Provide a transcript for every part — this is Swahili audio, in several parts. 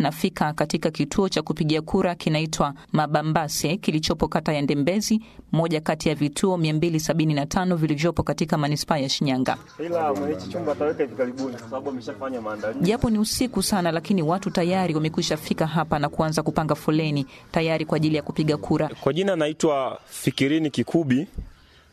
nafika katika kituo cha kupigia kura kinaitwa Mabambase kilichopo kata ya Ndembezi, moja kati ya vituo 275 vilivyopo katika manispaa ya Shinyanga. Japo ni usiku sana, lakini watu tayari wamekwisha fika hapa na kuanza kupanga foleni tayari kwa ajili ya kupiga kura. Kwa jina naitwa Fikirini Kikubi,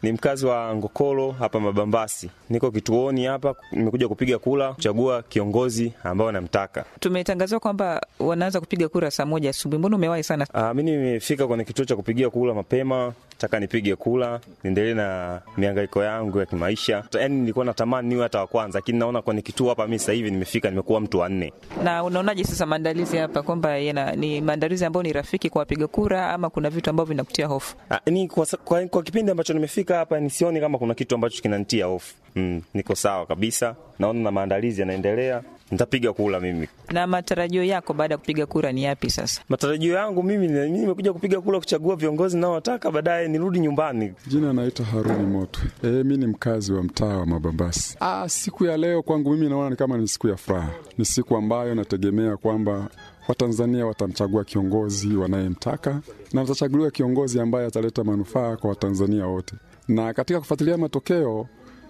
ni mkazi wa Ngokolo hapa Mabambasi. Niko kituoni hapa, nimekuja kupiga kura kuchagua kiongozi ambao namtaka. Tumetangazwa kwamba wanaanza kupiga kura saa moja asubuhi, mbona umewahi sana? Ah, mimi nimefika kwenye kituo cha kupigia kura mapema, taka nipige kura niendelee na miangaiko yangu ya kimaisha. Yaani nilikuwa natamani niwe hata wa kwanza, lakini naona kwenye kituo hapa mimi sasa hivi nimefika, nimekuwa mtu wa nne. Na unaonaje sasa maandalizi hapa kwamba yana ni maandalizi ambayo ni rafiki kwa wapiga kura ama kuna vitu ambavyo vinakutia hofu? Ah, ni kwa, kwa, kwa kipindi ambacho nimefika hapa nisioni kama kuna kitu ambacho kinanitia hofu. Mm, niko sawa kabisa, naona na maandalizi yanaendelea, nitapiga kura mimi. Na matarajio yako baada ya kupiga kura ni yapi? Sasa matarajio yangu mimi, mimi nimekuja kupiga kura kuchagua viongozi naowataka, baadaye nirudi nyumbani. Jina naitwa Haruni moto E, mi ni mkazi wa mtaa wa Mabambasi. Ah, siku ya leo kwangu mimi naona ni kama ni siku ya furaha, ni siku ambayo nategemea kwamba Watanzania watamchagua kiongozi wanayemtaka na atachaguliwa kiongozi ambaye ataleta manufaa kwa Watanzania wote na katika kufuatilia matokeo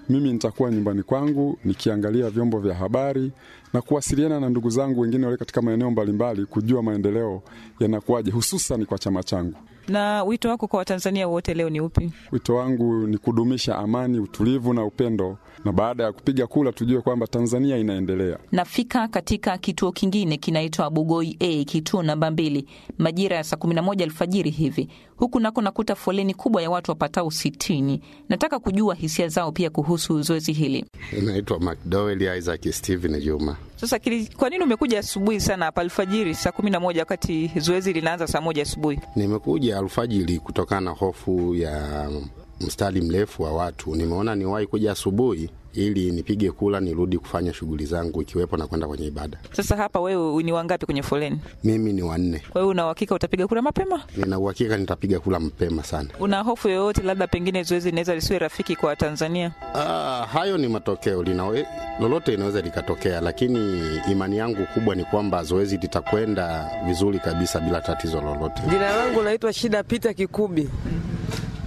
mimi nitakuwa nyumbani kwangu nikiangalia vyombo vya habari na kuwasiliana na ndugu zangu wengine walio katika maeneo mbalimbali kujua maendeleo yanakuwaje, hususan kwa chama changu. Na wito wako kwa Watanzania wote leo ni upi? Wito wangu ni kudumisha amani, utulivu na upendo, na baada ya kupiga kula tujue kwamba Tanzania inaendelea. Nafika katika kituo kingine kinaitwa Bugoi A, kituo namba mbili, majira ya saa kumi na moja alfajiri hivi. Huku nako nakuta foleni kubwa ya watu wapatao sitini. Nataka kujua hisia zao pia kuhusu zoezi hili. Inaitwa McDowell Isaac Steven Juma. Sasa kwa nini umekuja asubuhi sana hapa alfajiri saa kumi na moja wakati zoezi linaanza saa moja asubuhi? Nimekuja alfajiri kutokana na hofu ya mstari mrefu wa watu. Nimeona niwahi kuja asubuhi ili nipige kula nirudi kufanya shughuli zangu ikiwepo na kwenda kwenye ibada. Sasa hapa wewe ni wangapi kwenye foleni? Mimi ni wanne. Kwa hiyo una uhakika utapiga kula mapema? Nina uhakika nitapiga kula mapema sana. Una hofu yoyote labda pengine zoezi linaweza lisiwe rafiki kwa Tanzania? Ah, hayo ni matokeo linawe, lolote linaweza likatokea, lakini imani yangu kubwa ni kwamba zoezi litakwenda vizuri kabisa bila tatizo lolote. Jina langu naitwa Shida Pita Kikubi.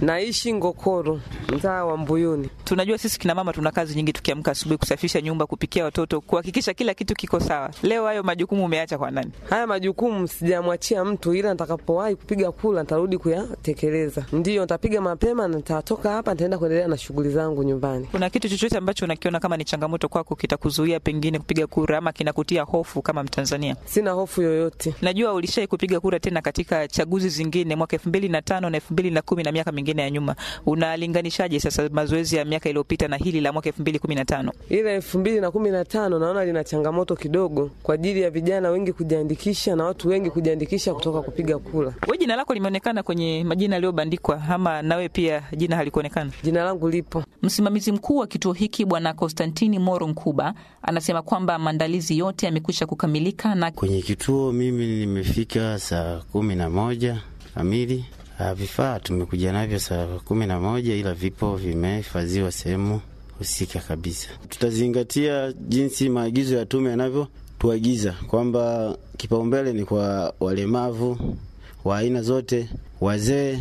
Naishi Ngokoro, mtaa wa Mbuyuni tunajua sisi kina mama tuna kazi nyingi, tukiamka asubuhi, kusafisha nyumba, kupikia watoto, kuhakikisha kila kitu kiko sawa. Leo hayo majukumu umeacha kwa nani? Haya majukumu sijamwachia mtu, ila ntakapowahi kupiga kula ntarudi kuyatekeleza. Ndiyo, ntapiga mapema, ntatoka hapa, ntaenda kuendelea na shughuli zangu nyumbani. Kuna kitu chochote ambacho unakiona kama ni changamoto kwako, kitakuzuia pengine kupiga kura ama kinakutia hofu kama Mtanzania? Sina hofu yoyote. Najua ulishai kupiga kura tena katika chaguzi zingine mwaka elfu mbili na tano na elfu mbili na kumi na miaka mingine ya nyuma. Unalinganishaje sasa mazoezi ya miaka miaka iliyopita na hili la mwaka 2015? Ile 2015 naona lina changamoto kidogo kwa ajili ya vijana wengi kujiandikisha na watu wengi kujiandikisha kutoka kupiga kura. Wewe jina lako limeonekana kwenye majina yaliyobandikwa ama nawe pia jina halikuonekana? Jina langu lipo. Msimamizi mkuu wa kituo hiki Bwana Konstantini Moro Nkuba anasema kwamba maandalizi yote yamekwisha kukamilika na kwenye kituo mimi nimefika saa kumi na moja kamili Ah, vifaa tumekuja navyo saa kumi na moja, ila vipo vimehifadhiwa sehemu husika kabisa. Tutazingatia jinsi maagizo ya tume yanavyotuagiza kwamba kipaumbele ni kwa walemavu wa aina zote, wazee,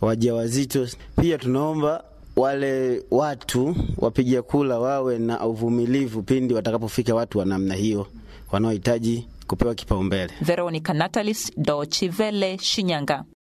wajawazito. Pia tunaomba wale watu wapiga kula wawe na uvumilivu pindi watakapofika watu wa namna hiyo wanaohitaji kupewa kipaumbele. Veronica Natalis, Dochivele, Shinyanga.